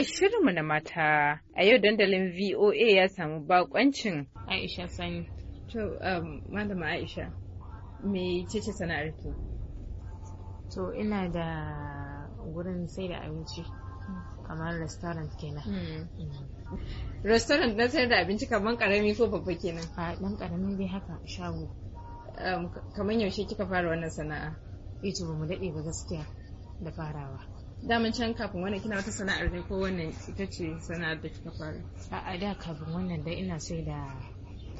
a shirinmu na mata a yau dandalin VOA ya samu bakoncin Aisha Sani. To, um, Malama Aisha, me cece sana'ar ki? To, ina da gurin sai da abinci, kamar restaurant kenan. Hmm. Hmm. Restaurant na sayar da abinci kamar karami ko babba kenan? A ɗan karami dai haka shago. Um, kamar yaushe kika fara wannan sana'a? Ito ba mu daɗe ba gaskiya da farawa. daman can kafin wannan kina wata sana'ar ne ko wannan ita ce sana'ar da kika fara a da kafin wannan da ina sai da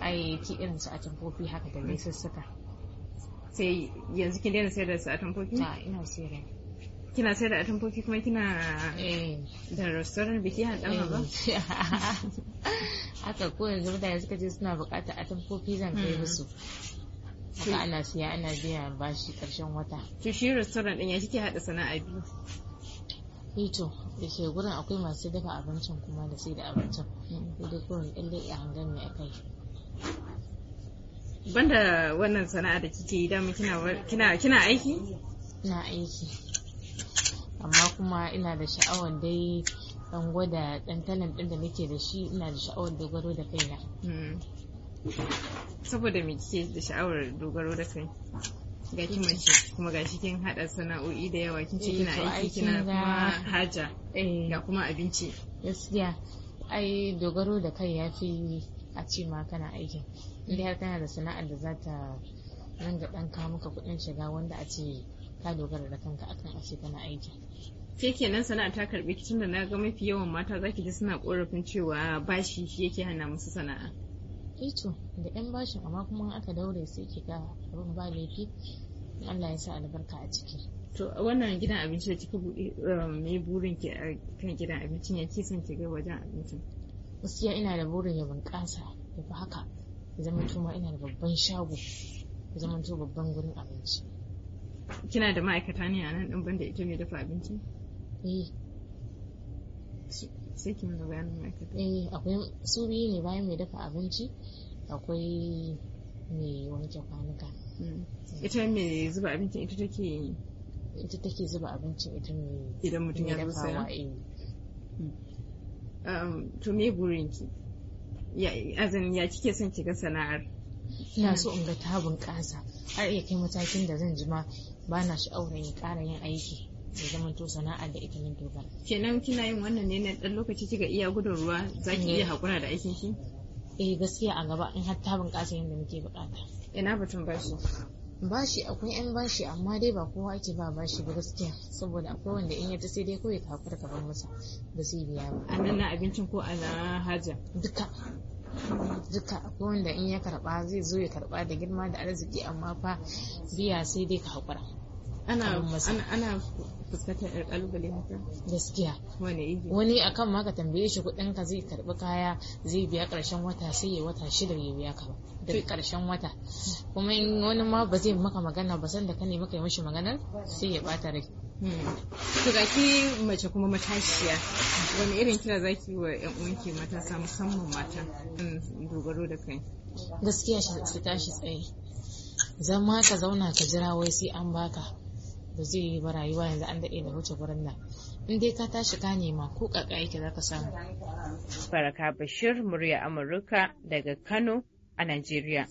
ayyaki irin su a tamfofi haka da dai sussuka sai yanzu kin daina sayar da su a tamfofi a ina sayar kina sayar da a tamfofi kuma kina eh. da restaurant biki haɗan ba eh. haka ko yanzu mutane suka kaje suna bukata a tamfofi zan kai mm-hmm. musu haka ana siya ana biya bashi ƙarshen wata to shi restaurant ɗin ya kike haɗa sana'a biyu hito eh da ke gurin akwai masu dafa abincin kuma da sai da abincin dai kurin ɗalle a hangen ne aka yi banda wannan sana'a da kike yi dama kina kina aiki ina aiki amma kuma ina da sha'awar dai dan gwada dan talent din da nake da shi ina da sha'awar dogaro da kaina hmm. saboda me kike da sha'awar dogaro da kai ga ki kuma ga kin hada sana'o'i da yawa kin ce eh, kina aiki kina kuma haja eh. ga kuma abinci gaskiya ai dogaro da kai ya fi a ce ma kana aiki. inda har kana da sana'ar da za ta nan ga dan kawo maka kuɗin shiga wanda a ce ka dogara da kanka akan a ce kana aiki. ke kenan sana'a ta karbi kicin da na ga mafi yawan mata zaki ji suna korafin cewa bashi shi yake hana musu sana'a ito eh da yan bashin amma kuma aka daure sai ki ga abin ba laifi Allah ya sa albarka a ciki to wannan gidan abinci da kika buɗe mai um, burin ki a kan gidan abincin ya kisan ki ga wajen abincin gaskiya ina da burin ya bunƙasa ya fi haka ya zama ma ina da babban shago ya zama to babban gurin abinci kina da ma'aikata ne a nan ɗin banda ita mai dafa abinci eh sai ki mana bayanin ma'aikata eh akwai su biyu ne bayan mai dafa abinci akwai mai wanke kwanuka hmm. ita mai zuba abincin ita take ita take zuba abincin ita mai idan mutum ya zuba saya eh. hmm. um, to me burinki azin ya kike son kiga sana'ar ina so in ga ta bunƙasa har iya kai matakin da zan ji ma ba na sha'awar in ƙara yin aiki ya zama to sana'a da ita nan dogon kenan kina yin wannan ne na dan lokaci kika iya gudun ruwa za ki iya eh. hakura da aikin shi eh gaskiya a gaba in hatta ta bunƙasa yadda muke bukata ina batun bashi bashi akwai yan bashi amma dai ba kowa ake ba bashi ba gaskiya saboda akwai wanda in yarda sai dai kawai ka hakura ka bar masa ba zai biya ba a nan na abincin ko a na haja duka duka akwai wanda in ya karba zai zo ya karba da girma da arziki amma fa biya sai dai ka hakura ana ana fuskantar yar kalubale mata gaskiya wani akan ma ka tambaye shi kudin ka zai karbi kaya zai biya karshen wata sai ya wata shida ya biya ka da karshen wata kuma wani ma ba zai maka magana ba san da ka nemi kai mishi maganar sai ya bata rai hmm. to ga ki mace kuma matashiya wani irin kira zaki wa yan uwanki matasa musamman mata dogaro da kai gaskiya shi tashi tsaye zama ka zauna ka jira wai sai an baka ba zai yi ba rayuwa yanzu an daɗe da wuce gurin nan in dai ka tashi ka nema ko ƙaƙa yake za ka samu. Baraka Bashir murya Amurka daga Kano a Najeriya.